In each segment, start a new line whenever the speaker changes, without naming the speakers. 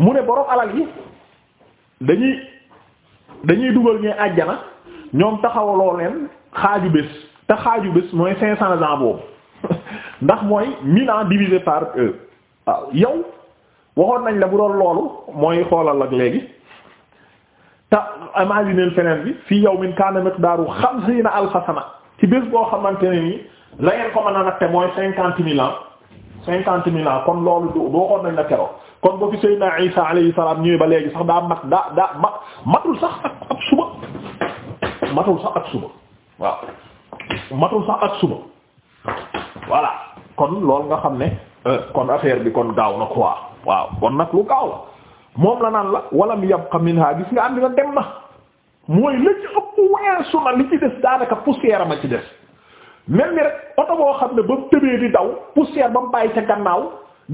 mu ne borom alal yi dañuy dañuy dugal ñee àjjana ñoom taxawaloo leen xaaju bés te xaaju bés mooy cinq cents ans boobu ndax mooy mille ans divisé par euh waaw yow waxoon nañ la bu doon loolu mooy xoolal ak léegi te imaginer feneen bi fii yawmin kaana miqdaaru xamsiina na sana ci bés boo xamante ne nii la ngeen ko mën a natte mooy cinquante mille ans cinquante mille kon loolu du waxoon nañ la keroog kon ba fi Seydina Isa alayhi salaam ñëwee ba léegi sax daa mat daa daa mat matul sax ak ak suba matul sax ak suba waaw matul sax ak suba voilà kon loolu nga xam ne euh, kon affaire bi kon gaaw na quoi waaw kon nag lu gaaw la moom la naan la walam yabqa minha gis nga àddina dem na mooy la ci ëpp na li ci des daanaka poussière ma des mel ni rek oto boo xam ne ba mu tëbee di daw poussière ba mu bàyyi ca gannaaw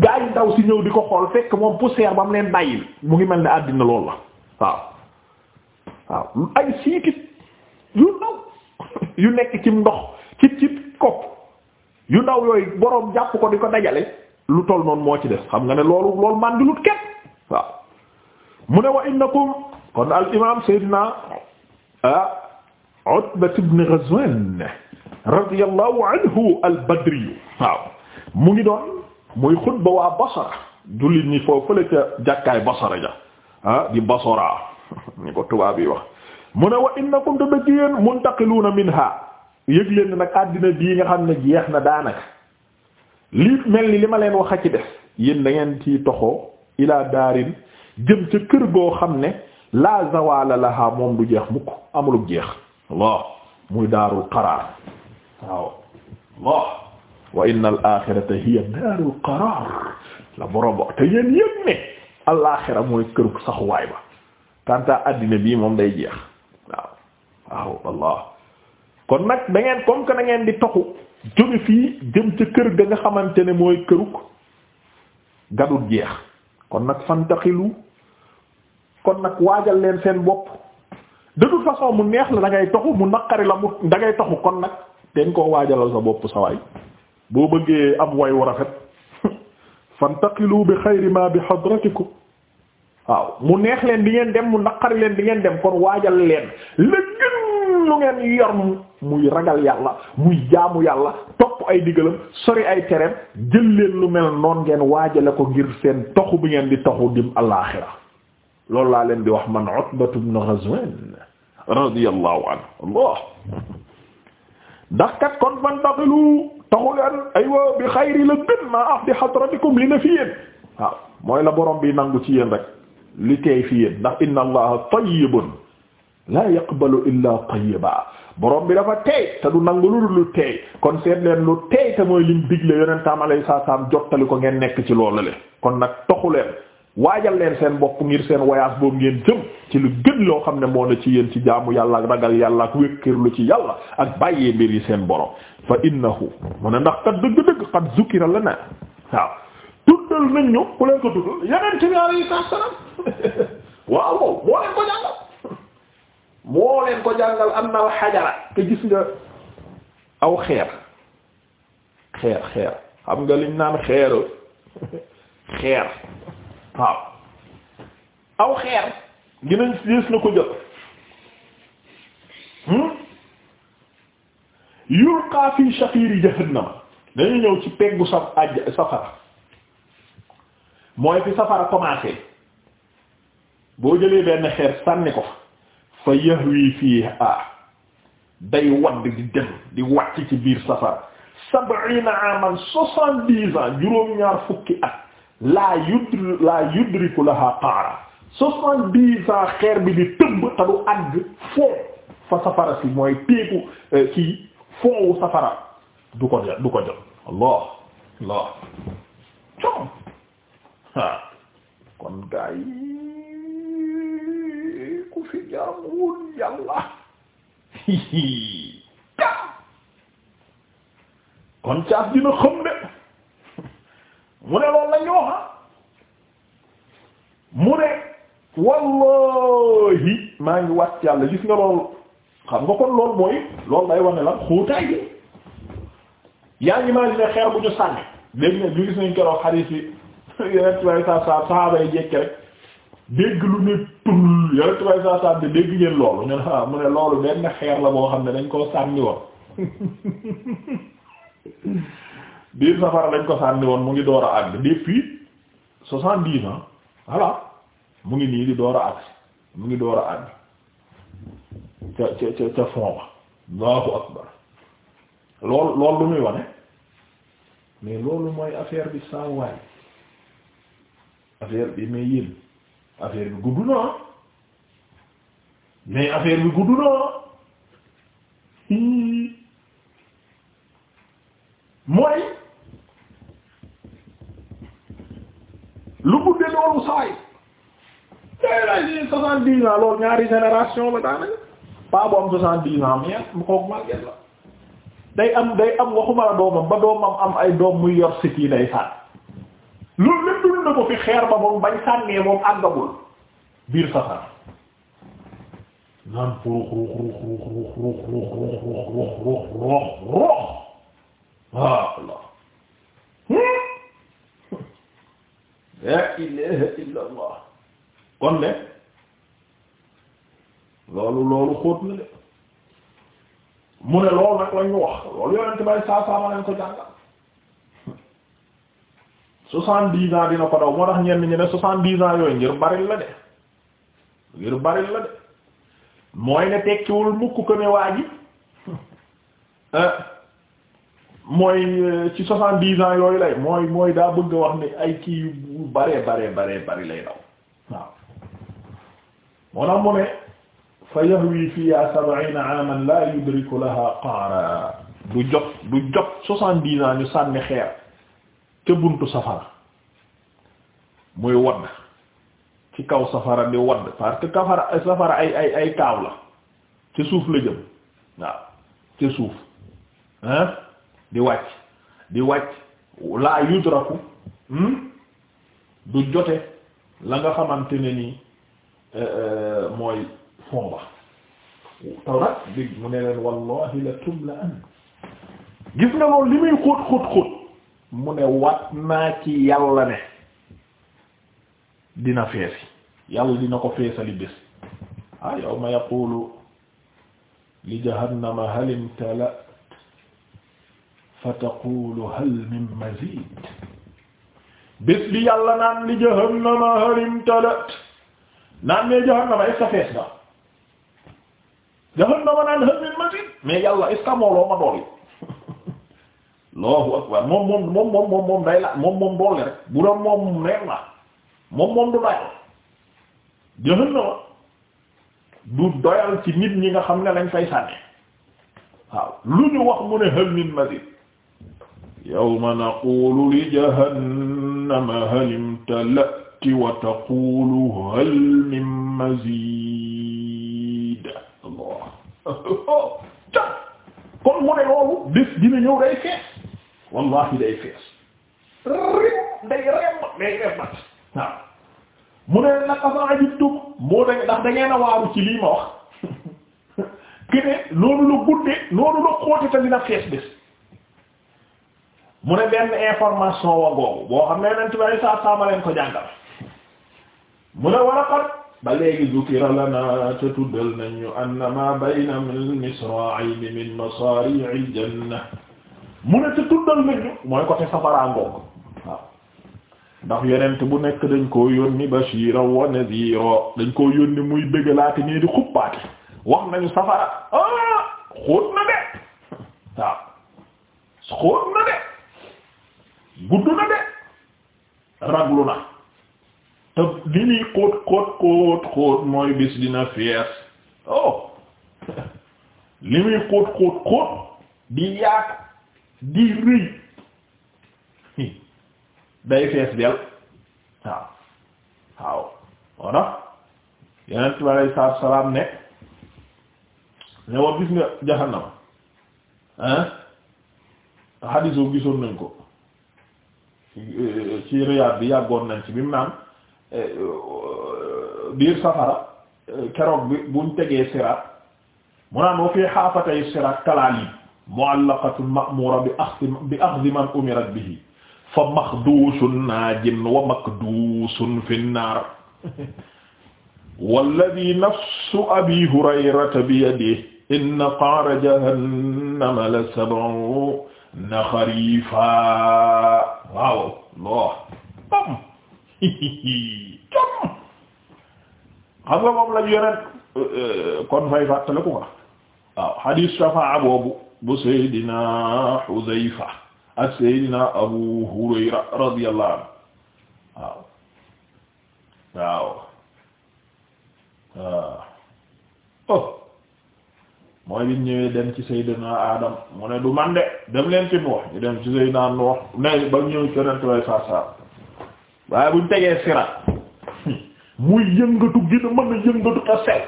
gaa yi daw si ñëw di ko xool fekk moom poussière ba mu leen bàyyil mu ngi mel ni àddina loolu la waaw waaw ay siikit yu nekk ci ndox ci ci kopp yu ndaw yooyu boroom jàpp ko di ko dajale lu toll noonu moo ci des xam nga ne loolu loolu man di lut ket waaw mu ne wa innakum kon al imam sayyidina ah, Utba ibn Ghazwan anhu al waaw mu ngi doon muy xutba waa Basra jullit ñi foofu la ca jàkkaay Basra ja ah, di Basra ni ko tubaab yi wax mu ne wa innakum dëgg yéen muntaqiluuna minha yëg nag àddina bii nga xam ne jeex na daanaka lii mel ni li ma leen wax a ci def yéen da ci ciy toxoo ilaa daarin jëm ca kër goo xam ne laa zawaala laha moom du jeex mukk amulub jeex Allah muy daarul qaraar waaw Allah wa inna al daarul qaraar la borom ba te yéen yëpp ne alaaxira mooy kër saxuwaay ba tanta addina bii moom day jeex waaw waaw Allah kon nag da ngeen comme que ngeen di taxu jóge fii jëm ca kër ga nga xamante ne mooy këruk gadul jeex kon nag fantaxilu kon nag waajal leen seen bopp de toute façon mu neex la dangay ngay toxu mu naqari la mu dangay ngay toxu kon nag dañ koo waajalal sa bopp sa waay boo bëggee am way wu rafet fantaqilu bi xayri ma bi hadratikum waaw mu neex leen di ngeen dem mu naqari leen di ngeen dem kon waajal leen la gën lu ngeen yor muy ragal yàlla muy jaamu yàlla topp ay digalam sori ay tereem jël leen lu mel noon ngeen waajale ko ngir seen toxu bi ngeen di toxu dim alaaxira loolu laa leen di wax man Utbatu ibn Ghazwan radiyallahu anhu Allah ndax kon man daxilu taxu leen aywa bi xayri la gën maa af ah, di hadratikum li na fi yéen mooy la borom bi nangu ci yéen rek li teey fi yéen ndax inna allaha tayyibun la yaqbalu illa tayyiba borom bi dafa nangu lu lu kon seet leen lu teey te mooy liñ digle yonentam alayhi salaam ngeen nekk ci loolu le kon nag taxu waajal leen seen bopp ngir seen voyage boobu ngeen jëm ci lu gën loo xam ne moo ne ci yéen ci jaamu yàlla ak ragal yàlla ak wékkirlu ci yàlla ak bàyyee mbir yi seen borom fa innahu ndax kat dëgg-dëgg xat zukira la na waaw tuddal nañ ñu ku leen ko tuddal yeneen ci biir yi sax sanam waaw wow moo leen ko jàngal moo leen ko jàngal am na xajara te gis nga aw xeer xeer xeer xam nga liñ naan xeer xeer waaw aw xeer dinañ gis na ko jot hmm? yulqa fi shafiri jahannam dañu ñëw ci peggu sa aj safara mooy fi safara commencé boo jëlee benn xeer sànni ko fa yahwi fiha day wadd di dem di wàcc ci biir safara sab'ina aman soixante-dix juróom-ñaar fukki at laa yudri laa yudriku laha qaara soixante-dix ans xeer bi di tëmb te du àgg foofu fa safara si mooy téeku kii euh, foowu safara du ko jot du ko jot Allah kon gaa ku fi jaamuwul yàlla kon caas dina xam ne mu ne loolu la ñu wax mu ne wallahi maa ngi wax yàlla gis nga loolu xam nga kon loolu mooy loolu day wane lan xóotaay bi yaa ngi maa ngi ne xeer bu ñu sànni dégg nga ñu gis nañ keroog xarit yi yeneen tubaab yi saa saa rek dégg lu ne tull yeneen tubaab yi saa saa bi dégg ngeen loolu ne ah mu ne loolu benn xeer la boo xam ne dañ koo sànni woon. biir safara lañ ko sànni woon mu ngi door a àgg depuis soixante-dix ans voilà mu ngi nii di door a àgg mu ngi door a àgg ca ca ca fond ba lool lool lu muy wane mais loolu mooy affaire bi saa waay affaire bi mais yéen affaire bi gudd na ah mais affaire bi gudd na ah mooy lu gudde loolu saay loolu ñaari génération la daanaka paa bu am soixante-dix ans mu kook màgget la day am day am waxuma la doomam ba doomam am ay doom muy yor sit day sànn loolu lépp dund na ko fi xeer ba moom bañ sànnee moom àggagul biir safara naan ruux ruux ruux ruux ruux ruux ruux ruux ruux ruux la ilaha kon de loolu loolu xóot na de mu ne loolu nag lañu wax loolu yonent bay saa saa ma lañ ko jàngal soixante-dix dina ko daw moo tax ñenn ñi soixante-dix yooyu ngir baril la de ngir baril la de mooy ne tekkiwul mukk ko ne waa ji euh, mooy euh, ci soixante dix ans yooyu lay mooy mooy daa bëgg wax ni ay kii yu bare bare bare bari lay daw waaw moo tax mu ne fa yahwi fiha sab'ina aaman la yudriku laha qa'ra du jot du jot soixante dix ans ñu sànni xeer ca buntu safara muy wadd ci kaw safara di wadd parce que kafara safara ay ay ay kaaw la ca suuf la jëm waaw ca suuf hein di wàcc di wàcc laa yudraku hmm? du jote la nga xamante ne ni eh, eh, mooy fond ba taw mu ne leen wallahi la tumla an gis nga loolu li muy xóot xóot xóot mu ne wat naa ci yàlla ne dina feesi yàlla dina ko feesali bés ah yawma yaqulu li jahannama hal fa taqulu hal min mazid bés bi yàlla naan li jahannama halimtalat naan mais jahannama est-ce que naan hal min mazid mais yàlla est-ce que mooloo ma dool yi Allahu akbar moom moom moom moom moom moom day la moom moom doole rek bu doon moom neex na moom moom du doyal jahannama du doyal ci nit ñi nga xam ne lañ fay sànne waaw lu ñu wax mu ne hal min mazid yawma naqulu li jahannama hal imtala'ti wa taqulu hal min mazid allah kon mu ne loolu bés dina ñëw day fees wallahi day fees rib day rem day rembat mu ne nag afa ajibtum moo da ndax da ngeen waaru ci lii ma wax noonu la gudde noonu la xóote te dina fees bés mu ne benn information wa googu boo xam ne yonent bi ay ma leen ko jàngal mu ne war a xat ba léegi zukira lana te tuddal nañu anna ma bayna min misra'ayni min masari'il janna mu ne te tuddal nañu mooy côté safara ngoog waaw ndax yonent bu nekk dañ koo yónni bashira wa nadhira dañ koo yónni muy bëggalaate nii di xuppaate wax nañu safara ah xóot na de gudd na de raglu na te li ñuy xóot xóot xóot mooy bis dina fees oh li muy xóot xóot xóot di yaat di rëy day fees del waaw waaw wona yeneen bi alei salaam ne ne war gis nga jahannama ah hadiis gisoon nañ ko Euh, ci Riyad bi yàggoon nañ ci bi mu naan euh, euh, biir safara keroog bi buñ tegee siraat mu naan wa fii xaafatay siraat kalaalib mu'allaqatun ma'mura bi axdi bi axdi man umirat bihi fa maxduusun naajin wa makduusun fi nnaar walladi nafsu abi hurayrata bi yadihi inna qaara jahannama la sab'una xariifa waaw loo am com xam nga moom lañ yonent euh, kon fay fàttaliku ko waaw hadith shafaa boobu bu Seydina Hudayfa ak Seydina Abu Hurayra radiyallahu anhu waaw waaw waaw oh. mooy bi ñëwee dem ci Seydina Adam mu ne du man de dem leen ci Nuux ñu dem ci Seydina Nuux ne ba ñëw ci waaye buñ tegee siraat muy yëngatu gën a mën a yëngatu te sew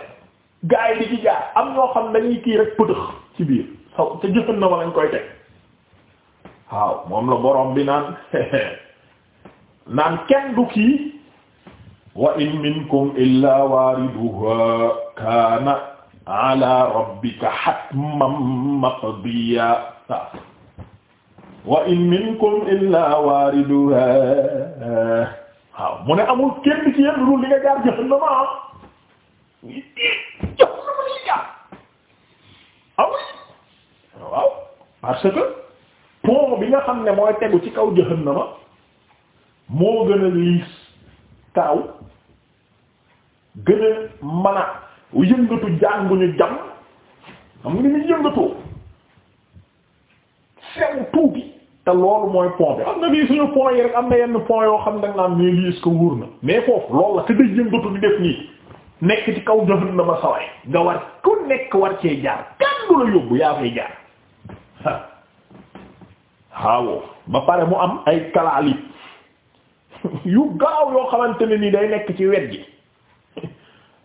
gaa yi di ci jaar am ñoo xam dañuy kii rek pëtëx ci biir saw te jëfan na ma lañ koy teg waaw moom la borom bi naan naan kenn du kii wa in minkum illa waariduha kaana ala rabbika hatman maqdiya wa minkum illa wariduha waaw mu ne amul kenn ci yéen lu li nga jaar jahannama jahannama li jaar amul waaw parce que pont bi nga xam ne mooy tegu ci kaw jahannama moo gën a liis taaw gën a mën yëngatu jànguñu jam xam nga ni yëngatoo sew tuuti te loolu mooy pont bi am na lii suñu pont yi rek am na yenn pont yoo xam ne da nga naan mais lii est-ce que na mais foofu loolu la te day yëngatu di def nii nekk ci kaw jëfand na ma saway nga war ku nekk war cee jaar kan la yóbbu yaa fay jaar waaw ba pare mu am ay kalaalit yu gaaw yoo xamante ne ni day nekk ci wet gi.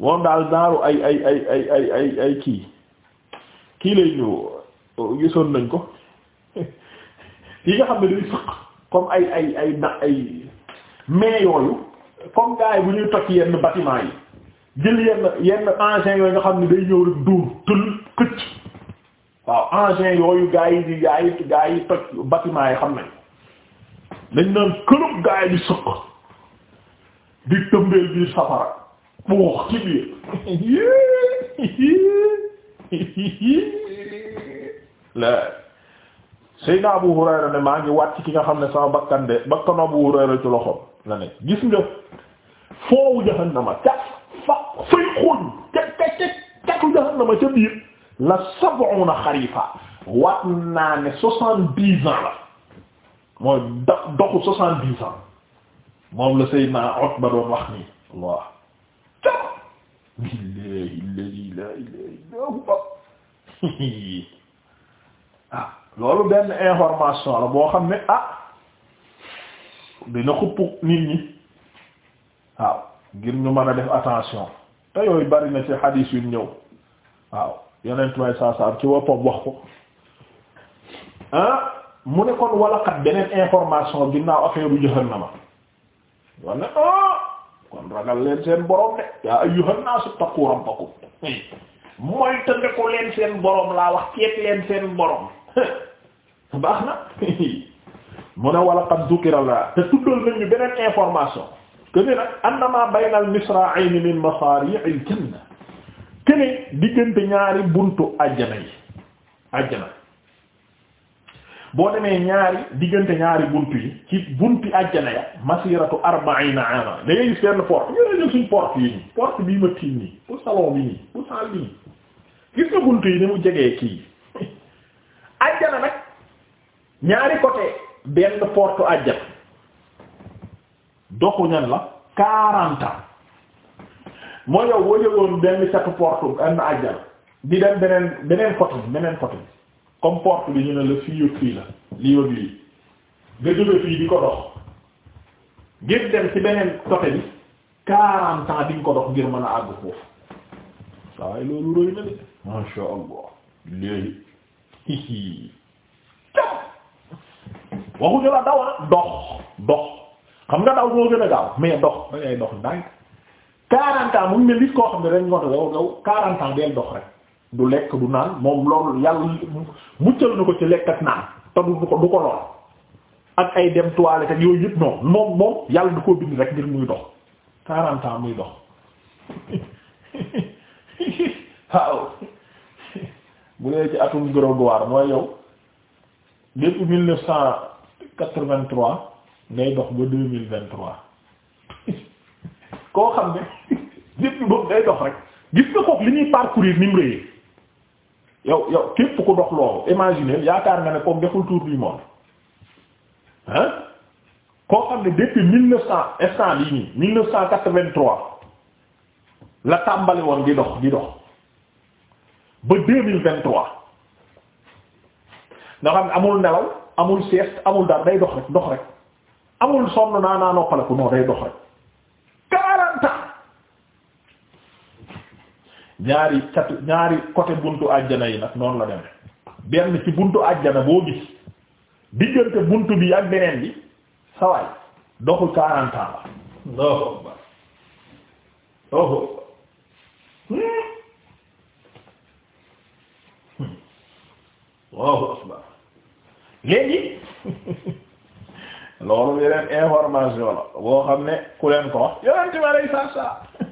moom daal daaru ay ay ay ay ay ay ay kii kii lay ñu gisoon nañ ko yi nga xam ne day sëq comme ay ay ay ay mais yooyu comme gars bu ñuy toj yenn bâtiment yi jël yenn yenn engins yooyu nga xam ne day ñëw rek duur tul këcc waaw engins yooyu gars yi di gars yi gars toj bâtiment yi xam nañ dañ naan kërob gars di sëq di tëmbeel biir safara buux ci biir la Seydina Abu Hurayra ne maa ngi wàcc ki nga xam ne sama bakkan de bakkanu Abu Hurayra ci loxoom la ne gis nga foowu jahannama ca fa fay xóoñ ca ca ca catu jahannama ca biir la sab'una xarifa waat naa ne soixante-dix ans la mooy doxu soixante-dix ans moom la Seydina Utba doon wax nii billahi allazi la ilaha illa huwa ah loolu benn information la boo xam ne ah dina xupp nit ñi waaw ngir ñu mën a def attention te yooyu bari na ci xadiis yu ñëw waaw yeneen may saa saa ci woppam wax ko ah mu ne kon wala xat beneen information ginnaaw affaire u jahannama walla ah kon ragal leen seen borom de yaa ayyuhan naasu taqu rabbakum mooy tëndeku leen seen borom laa wax ceet leen seen borom baax na mu ne wala qad dhukira la te tuddal nañu beneen information que ni nag annama bayna al misra'ayn min masari' al kene diggante ñaari buntu àjjana yi àjjana boo demee ñaari diggante ñaari buntu yi ci buntu àjjana ya masiratu arba'ina ama da gis benn porte ñu ne ñu suñ yi nii porte bii ma tiim nii bu salon bi nii bu bi nii gis nga buntu yi ni mu jege kii àjjana nag ñaari côté benn port àjjana doxu ñan la quarante ans moo yow boo jëloon benn catu porte am àjjana di dem beneen beneen côté beneen côté comme porte bi ñu ne la fii yëg fii la lii wëg lii nga jóge fii di ko dox ngir dem ci beneen côté bi quarante ans di nga dox ngir mën a àgg foofu waaye loolu rëy na de masha allah léegi hihi waxuñu la daw na dox dox xam nga daw moo gën a gaaw mais dox da ngay dox ndànk quarante ans mu ngi ne nit koo xam ne dañ ngoto daw daw quarante ans del dox rek du lekk du naan moom loolu yàlla muccal na ko ci lekk ak naan te du ko du ko lool ak ay dem toilette ak yooyu yëpp noonu moom moom yàlla du ko bind rek ngir muy dox quarante ans muy dox waaw bu dee ci atum Grégoire mooy yow depuis mille neuf cent quatre-vingt-trois ngay dox ba deux mille vingt-trois koo xam ne depuis boobu ngay dox rek gis nga kook li ñuy parcourir ni mu rëyee yow yow képp ku dox loolu imaginer yaakaar nga ne comme deful tour du monde hein koo xam ne depuis mil neuf cent instant bii nii mille neuf cent quatre-vingt-trois la tàmbali woon di dox di dox ba deux mille vingt-trois nga xam ne amul nelaw amul sieste amul dara day dox rek dox rek amul sonn naa naa noppale ko non day dox rek ñaari catu ñaari côté buntu àjjana yi nag noon la deme benn ci buntu àjjana boo gis diggante buntu bi ak beneen bi sawaay doxu quarante la hmm. Hmm. léegi loolu yeneen information la boo xam ne ku leen ko wax yonente bi alay saa saa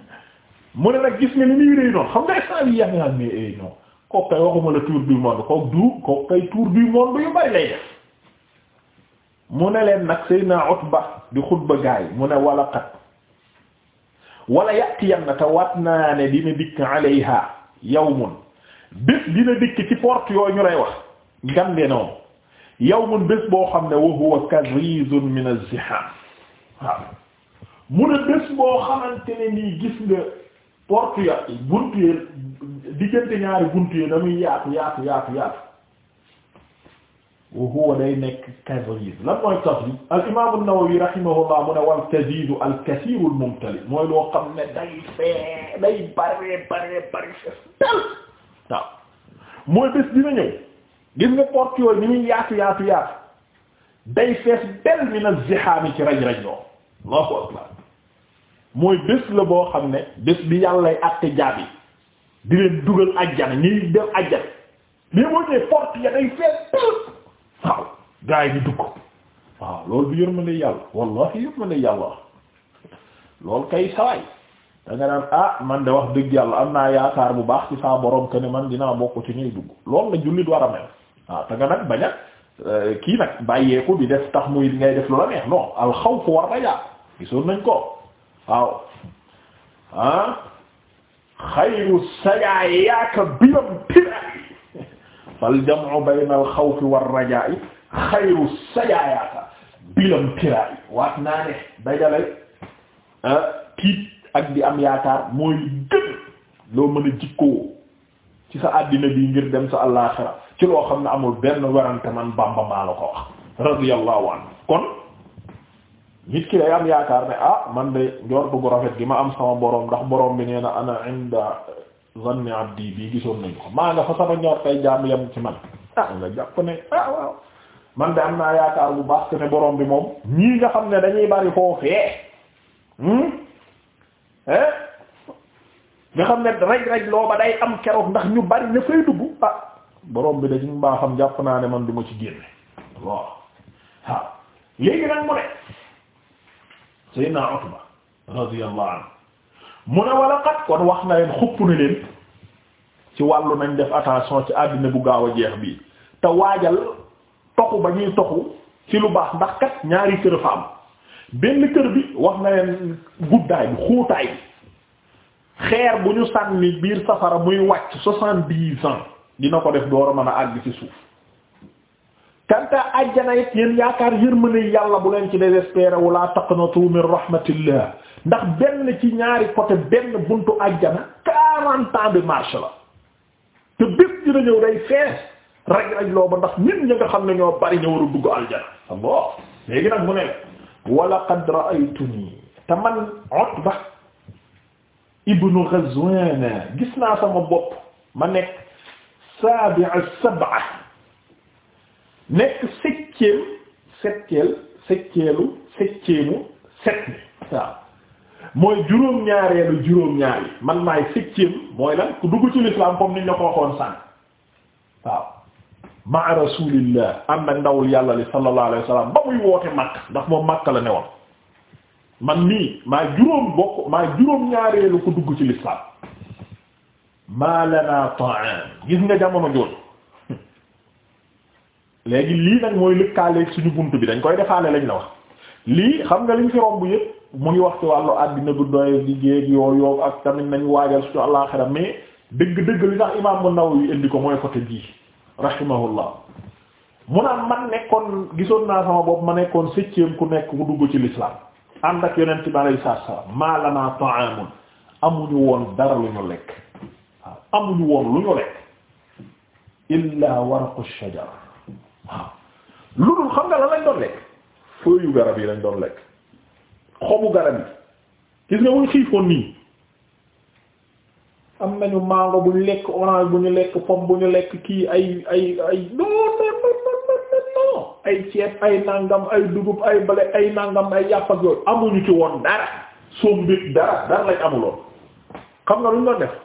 mu ne nag gis nga ni muy réy noonu xam nga instant bi yaa ngi naan mais eh, kay waxuma la tour du monde kooku du kooku kay tour du monde yu bari lay def mu ne leen nag Seydina Utba di xutba gaay mu ne wala kat wala na te wat naa ne dina dikk alayha yawmun bés dina dikk ci porte yooyu ñu lay wax ngam de noonu yawmun bés boo xam ne wa huwa karizun min az mu ne bés boo xamante ne nii gis nga porte ya buntu ya diggante ñaari buntu ya dañuy yaatu yaatu yaatu yaatu wa huwa day nekk tazrid lan mooy tazrid al imam an-Nawawi rahimahullah mu ne wal tazidu al kathir al mumtali mooy loo xam ne day fee day bare bare bare fees dal waaw mooy bés dina ñëw gis nga porte yooyu ni muy yaatu yaatu yaatu day fees del min az-zihaam ci raj raj loo Allahu akbar mooy bés la boo xam ne bés bi yàllay àtte jaabi di leen dugal ajjana ñuy dem ajjana mais moo ñëwee porte ya day fees waaw gaa yi di dugg waaw loolu du yërmande yàlla wallahi yërmande yàlla loolu kay sawaay danga nga naan ah man de wax dëgg yàlla am naa yaakaar bu baax ci saa borom que ne man dinaa bokk ci ñuy dugg loolu la jullit war a mel waaw te nga nag bañ euh, kii nag bàyyeeku di def tax muy di ngay def lu la neex non al xawf war rajaa gisoon nañ ko waaw ah xayru sajaa yaaka biram piraay fal jam'u bayna al xawfi war rajaa'i xayru sajaa yaaka biram piraay waat naa ne dajale ah, tiit ak di am yaakaar mooy gën loo mën a jikkoo ci sa àddina bi ngir dem sa àllaaxira ci loo xam ne amul benn werante man Bamba maa la ko wax radiyallahu anhu kon nit ki day am yaakaar ne ah man de njortu gu rafet gi ma am sama borom ndax borom bi nee na ana inda zanni abdi bii gisoon nañu ko maa nga fa sama njort tay jaam yam ci man ah nga jàpp ne ah man de am naa yaakaar bu baax ne borom bi moom ñii nga xam ne dañuy bari foofee hmm? eh? nga xam ne raj raj loo ba day am keroog ndax ñu bari na fay dugg ah borom bi dañu mbaa xam jàpp naa ne man duma ci génne waaw léegi nag mu ne Seydina Utba radiyallahu anhu mu ne wala xat kon wax na leen xupp na leen ci wàllu nañ def attention ci àddina bu gaaw a jeex bii te waajal toxu ba ñuy toxu ci lu baax ndax kat ñaari kër fa am benn kër bi wax na leen guddaay bi xuutaay bi xeer bu ñu sànni biir safara muy wàcc soixante-dix ans dina ko def door a mën a àgg ci suuf kanta àjjana it yéen yaakaar yërmande yàlla bu leen ci désespéré wu laa taqnatu min rahmatillah ndax benn ci ñaari côté benn buntu àjjana quarante ans de la te bépp dina ñëw day fees raj-raj loo ba ndax nit ñi nga xam ne ñoo bari ñu war a aljana Allah léegi nag mu ne wa laqad ra'aytuni te man Utba ibnu Ghazwan gis naa sama bopp ma nekk sabi'a sab'a nekk sëcceel sëcceel sëcceelu sëcceemu set ni waaw mooy juróom-ñaareelu juróom-ñaar yi man maay sëcceem mooy la ku dugg ci l'islam comme niñ la ko waxoon sànq waaw ma'a rasulillah ànd ak ndawul yàlla li sallallahu alayhi wasallam ba muy woote Makka ndax moom Makka la ne woon man nii maa juróom bokk maa juróom-ñaareelu ku dugg ci l'islam ma lana ta'am gis nga jamono joon léegi lii nag mooy lëkkaaleeg suñu bunt bi dañ koy defaale lañ la wax lii xam nga liñ fi romb yëpp mu ngi wax ci wàllu àddina gu doy liggéey géeg yoo yoo ak tamit nañu waajal suñu àllaaxira mais dëgg-dëgg li tax imaam An-Nawawi indi ko mooy côté bii rahimahullah mu naan man nekkoon gisoon naa sama bopp ma nekkoon septième ku nekk ku dugg ci lislaam ànd ak yonent bi alayhi salaam maa lanaa ta'aamun amuñu woon dara lu ñu lekk waaw amuñu woon lu ñu lekk illaa waaw lu dul xam nga lan lañ doon lekk feuilles garab yi lañ doon lekk xobu garab yi gis nga wuñ xiifoon nii am nañu mango bu ñu lekk orange bu ñu lekk pomme bu ñu lekk kii ay ay ay non non non non ay ceeb ay nangam ay dugub ay bale ay nangam ay yàpp ak yooyu amuñu ci woon dara sombit dara dara lañ amuloon xam nga lu ñu doon def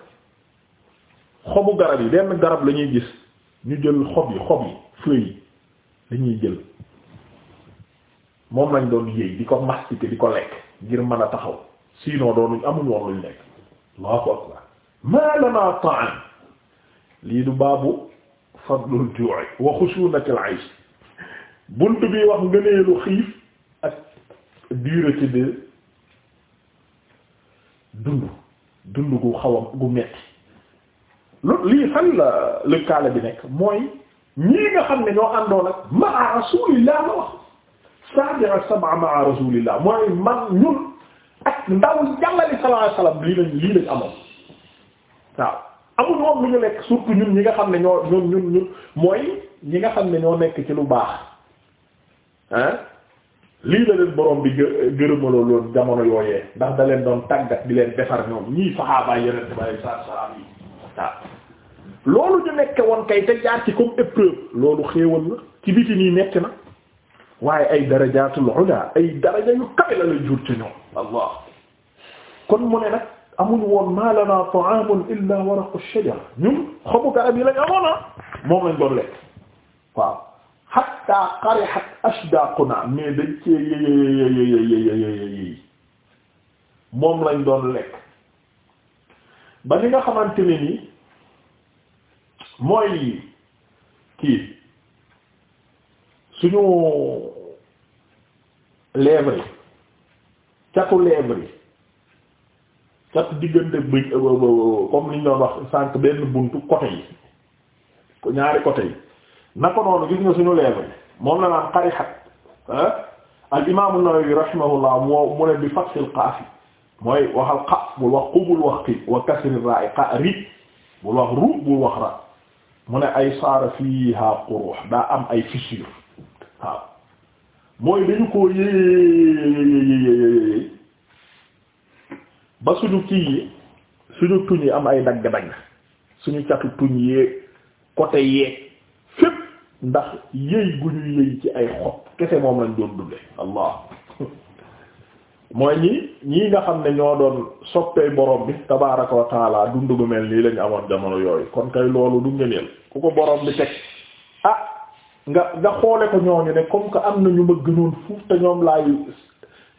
xobu garab yi benn garab la ñuy gis ñu jël xob yi xob yi feuilles yi dañuy jël moom lañ doon yéey di ko mastiquer di ko lekk ngir mën a taxaw sinon doonuñ amul woon luñ lekk allahu akbar ma lana ta'am lii du baabu fadlul ju'i wa khushunatil 'aysh bunt bi wax ngëneelu xiif ak dureté de dund dund gu xaw gu metti lu lii fan la lëkkaale bi nekk mooy ñii nga xam ne ñoo àndoon ak maa rasulillah mooy man ñun ak ndaw yàlla li sallallahu alayhi wasallam lii lañ lii lañ amoon waaw amul woon lu ñu nekk surtout ñun ñi nga xam ne ñoo ñun ñun mooy ñi nga xam ne ñoo nekk ci lu baax ah lii la leen borom bi gërëmaloo loon jamono yooyee ndax da leen doon tàggat di leen defar ñoom ñii saxaabaay yonente bi alayhi salaatu yi waaw loolu ñu nekke woon kay te jaar ci comme loolu xéewal la ci biti nii nekk na waaye ay darajaatul ula ay daraja yu kawe la jur ci ñoom allah kon mu ne nag amuñu woon ma lana ta'amun illa waraqu shajar ñun xobu garab yi lañ amoona ah moom lañ doon lekk waaw hatta qarihat ashdaquna mais dañ cee moom lañ doon lekk ba ni nga xamante mooy kii suñu lèvres yi catu lèvres yi catu diggante bëj euh, euh, euh, comme li ñu doon wax sànq benn buntu côté yi ñaari côté yi naka noonu gis nga suñu lèvres yi moom la naan xarixat al imaamu Nawawi rahimahullah moo mu ne bi fathil qaaf mooy waxal xaf bul wax qu bul wax qi wa kasri ra'i qa ri bul wax ru bul wax ra mu ne ay saara fiiha qurux daa am ay fissure waaw mooy dañu ko yéeyéeyéeyéey ba suñu kii yi suñu tuñ yi am ay dagg-dagg suñu catu tuñ yeeg côté yeeg fépp ndax yëy gu ñu yëy ci ay xob kese moom lañ doon dundee allah mooy ñi ñii nga xam ne ñoo doon soppee borom bi tabaaraka wa taala dund gu mel nii lañu amoon jamono yooyu kon kay loolu du ngëneel ku ko borom bi teg ah nga nga xoole ko ñooñu ne comme que am na ñu ma gënoon fuuf te ñoom laay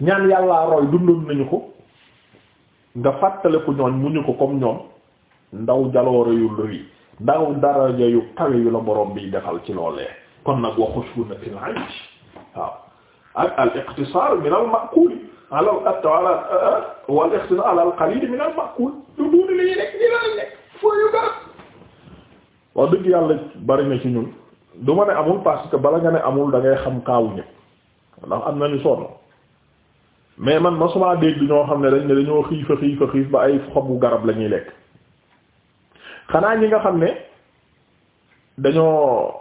ñaan yàllaa roy dundoon nañu ko nga fàttale ko ñooñ mu ñu ko comme ñoom ndaw jaloore yu rëy ndaw daraja yu kawe yu la borom bi defal ci loolee kon nag waxu suuna fil aysh waaw ak al iqtisar min al ma'kul alal atwala euh, wal ihsan alal qalil min al maqul du duuni li ñu nekk di la nekk foo yu dara wax dëgg yàlla bari na ci ñun du ma ne amul parce que bala nga ne amul da ngay xam kaawu ñëpp ndax am na ñu sonn mais man ma suma dégg ñoo xam ne dañ ne dañoo xiifa xiifa xiif ba ay xobu garab la ñuy lekk xanaa ñi nga xam ne dañoo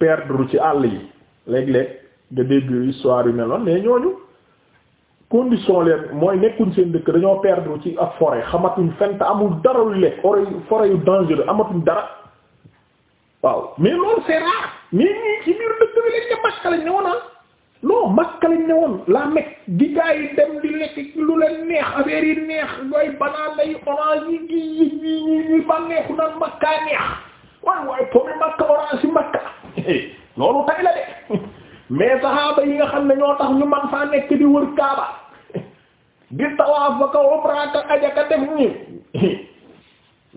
perdre ci àll yi léeg-léeg nga dégg histoire yu mel noonu mais ñooñu condition leen mooy nekkuñ seen dëkk dañoo perdre ci ab forêt xamatuñ fent amul dara lu lekk forêt yu forêt yu dangereux amatuñ dara waaw mais loolu c'est rare mais ñii ci biir dëkk bi ah. la Mecque lu leen neex affaire yi neex yooyu banaan lay orange yi gi yi ñuy bànneexu naan Makka neex waaye waaye Makka orange yi Makka loolu tay la de mais saxaaba yi nga xam ne ñoo tax ñu man faa nekk di wër kaaba di tawaaf ba ka umra ka aja ka def nii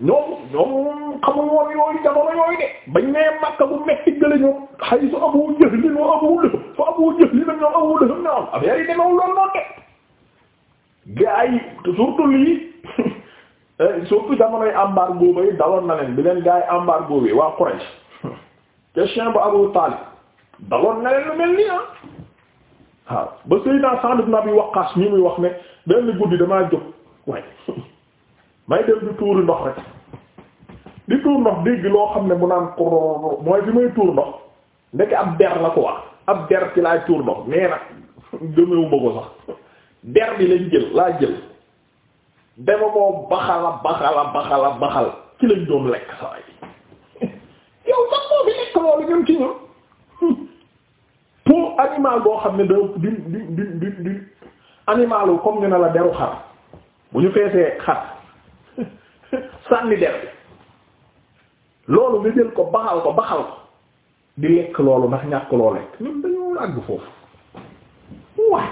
ñoom ñoom xamul woon yooyu jamono yooyu de bañ nee Makka bu metti gële ñoom xay su Abu Jahl wa Abu Lahab fa Abu Jahl la ñoom Abu Lahab ñoom affaire yi demewul noonu de gaa yi surtout lii surtout jamonoy embargo boobu leen bi leen gaa yi embargo bi waa Quraysh te bu Abu Talib daloon na leen lu mel nii ah waaw ba Seydina Sa'd ibn Abi Waqqas ñi muy wax ne benn guddi damaa jóg waaye may dem di tuuri ndox rek di tuur ndox dégg loo xam ne mu naan ko mooy bi may tuur ndox ndekk ab der la ko wax ab der ci laa tuur ndox nee na gëmewu ko sax der bi lañ jël laa jël dema moo baxala baxala baxala baxal ci lañ doom lekk saa yi yow sax moo bi lekk loolu ñun ci ñun pour animal boo xam ne da di di di di di animal wu comme ñu ne la deru xar bu ñu feesee xar sànni der bi loolu nga jël ko baxal ko baxal ko di lekk loolu ndax ñàkk loo lekk ñun dañoo àgg foofu waaye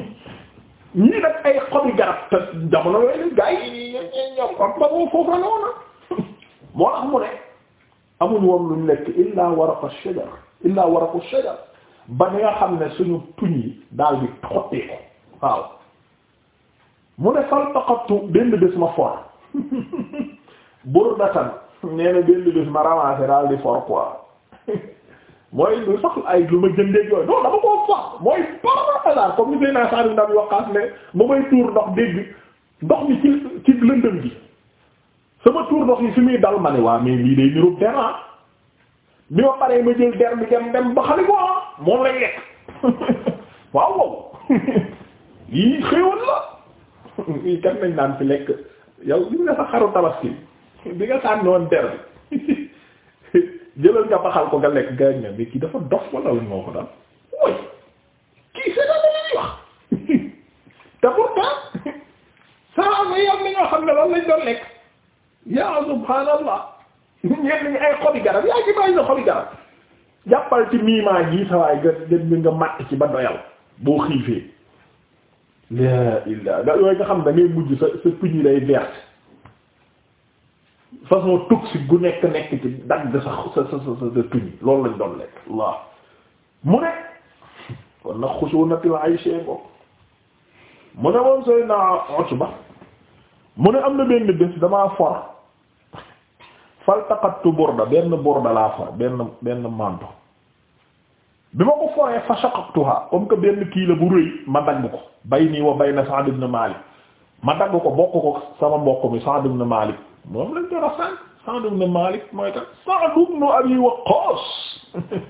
ñii nag ay xobi garab te jamono yooyu gaa yi ñoom am ba la noonu moo tax mu ne amuñ woon luñ lekk illaa waraqa shajar illaa waraqa ba ni nga xam ne suñu tuñ yi daal di xottee ko waaw mu ne faltaqattu benn bés ma for burdatan nee na benn bés ma ramassé daal di for quoi mooy lu sax ay lu ma jëndee jooy non dama koo for mooy par hasard comme ni koy naa saari ndam yoqaas ne ma may tuur ndox dégg ndox mi ci ci lëndëm gi sama tuur ndox yi fi dal ma ne waa mais lii day niru dera bi ma paree ma jël der bi dem dem ba ko moom lañ lekk waaw wow lii xéewal la lii kat nañ naan fi lekk yow gis nga sa xaru tabaski bi nga sànnoon der bi jëlal nga baxal ko nga lekk nga ne mais dafa dof wala la moo ko dal woy kii seetal la ñuy wax te pourtant saa am yam ni nga xam ne loolu lañ doon lekk yaa subhaanallah ñenn ñi ay xobi garab yaa ngi bàyyi na xobi garab jàppal ci miimaa ji sawaay nga dem nga màtt ci ba doyal boo xiifee laa illaa nga nga xam da mujj sa sa tuñ yi day verte façon toxique gu nekk nekk ci dagg sa sa sa tuñ loolu lañ doon lekk waaw mu ne kon nag xusoo ay seeko mu ne moom sooy naa mu ne am na benn bés damaa for faltaqattu burda benn burda laa for benn benn manto bi ma ko foree fa shaqaqtuha comme que benn kii la bu rëy ma dagg ko bayni wa bayna Sa'd ibn Malik ma dagg ko bokk ko sama mbokk mi Sa'd ibn Malik moom lañ doon wax sànq Sa'd Malik mooy tax Sa'd ibn Abi Waqqas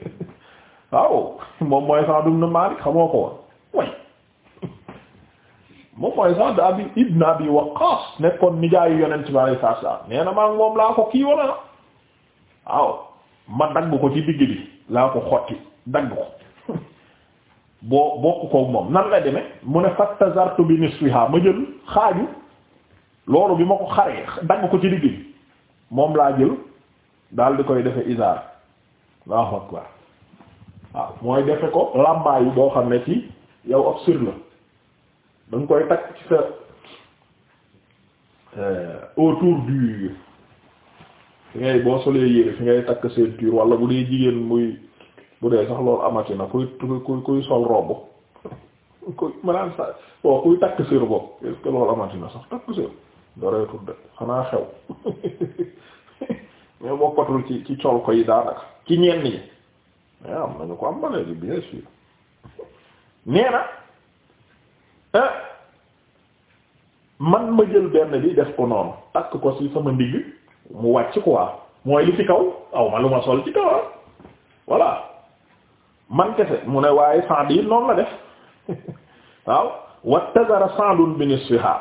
waaw moom mooy Sa'd ibn Malik xamoo ko woon way moom mooy sax abi ibn abi waqaas nekkoon nijaayu yonent bi alayhi salaam nee na maa ngi moom laa ko kii wala waaw ma dagg ko ci digg bi laa ko xotti dagg ko boo bokk ko moom nan la demee mu ne fattazartu bi nisfiha ma jël xaaju loolu bi ma ko xaree dagg ko ci digg bi moom laa jël daal di koy defe isaar Allahu akbar waaw mooy defe ko làmbaayu boo xam ne ci yow ab sir la da koy takk ci sa euh, autour du fi ngay boo solee yére fi ngay takk ceinture wala bu dee jigéen muy bu dee sax loolu amati na kuy kuy kuy sol robb kuy maanaam sa bon kuy takk sër bopp est loolu amati sax takk sër doree tudde xanaa xew mais bokkatul ci ci col ko yi daanaka ci ñenn yi mais am nañu ko am ba léegi bien sûr nee na Ah. man ma jël benn bi def ko noonu takk ko ci sama ndigg mu wàcc quoi mooy li ci kaw aw ma lu ma sol ci kaw ah man kese mu ne waaye Sa'd yi noonu la def waaw wattazara Sa'dun bi nisfiha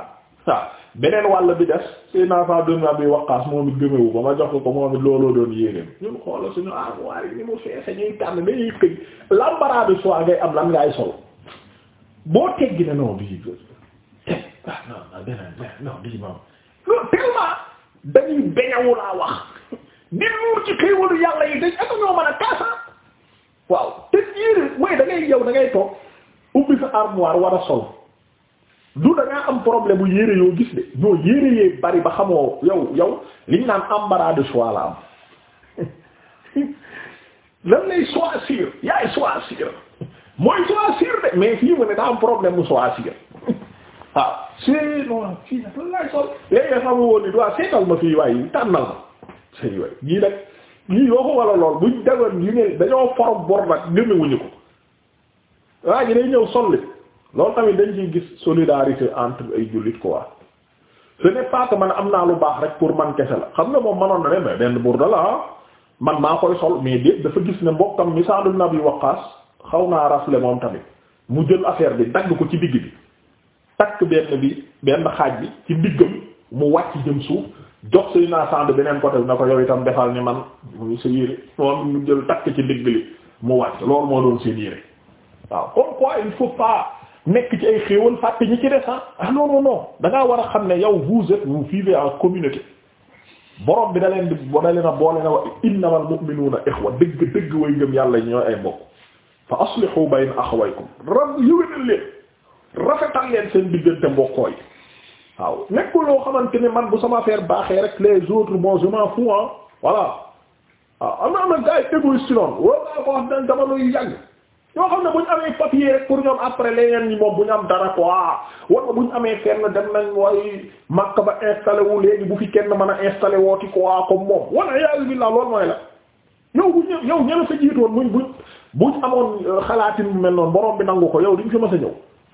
waaw ah. beneen wàll bi des si naa Sa'd ibn Abi Waqqas moom it gëmewu ba ma jox ko moom it looloo doon yéenéen ñun xoola suñu armoire yi ni mu feese ñuy tànn dañuy këj lambaraadu soi ngay am lan ngay sol boo teggi na non bii teg ah non non beneen beneen non wax ni mu ci xéewalu yàlla yi dañ ak ñoo mën a kaasa ah. waaw te yére mooy da ngay yow toog ubbi armoire war a sol am problème bu yére yoo gis de ñoo yére yee bari ba xamoo yow yow liñ naan embarras de choix la am lan lay choisir yaay choisir mooy choisir de mais fii mu ne daa am problème mu choisir waaw ah. c'est non fii nag lan laay sol léegi nga xamul woon ni du waa seetal ma fii waaye tànnal ma sëñ waay gii nag gii yoo ko wala lool buñ dagoon yu ne dañoo forom bor nag gëmewuñu ñëw solli loolu tamit dañ ciy gis solidarité entre ay jullit quoi ce n'est pas ma man am naa lu baax rek pour man kese la xam nga moom manoon na ne mais benn buur da la ah, man maa koy sol mais déet dafa gis ne mbokkam mi Sa'd ibn Abi Waqqas xaw naa rafle moom tamit mu jël affaire bi dagg ko ci digg bi takk benn bi benn xaaj bi ci diggam mu wàcc jëm suuf jox say naa sand beneen côté bi na ko yow itam defal ni man muy sa yére moom mu jël takk ci digg li mu wàcc loolu moo doon seen yére waaw comme quoi il ci ay xéewal fàtte ah. Ah, war a xam ne yow vous êtes vous vivez en communauté borom bi da leen di da leen a boole na wa innamal mu'minuna dëgg dëgg way ngëm yàlla ñooy ay bokk fa aslihu bayna axawaykum rab yëwénal leen rafetal leen seen diggante mbokkoo yi waaw nekkul loo xamante ne man bu sama affaire baaxee rek les autres bon je m'en fous ah voilà waaw am na am na gars yi égoïste noonu wóor ko wax dëgg jamono yu yàgg yoo xam ne buñ ñu amee papier rek pour ñoom après leneen ñi moom bu ñu am dara quoi wala bu ñu amee fenn dem nañ waaye makka ba installé wu léegi bu fi kenn mën a installé wooti quoi comme moom wala yaa billah loolu mooy la yow buñ amoon euh, xalaatin bu mel noonu borom bi nangu ko yow di nga fi mës a ñëw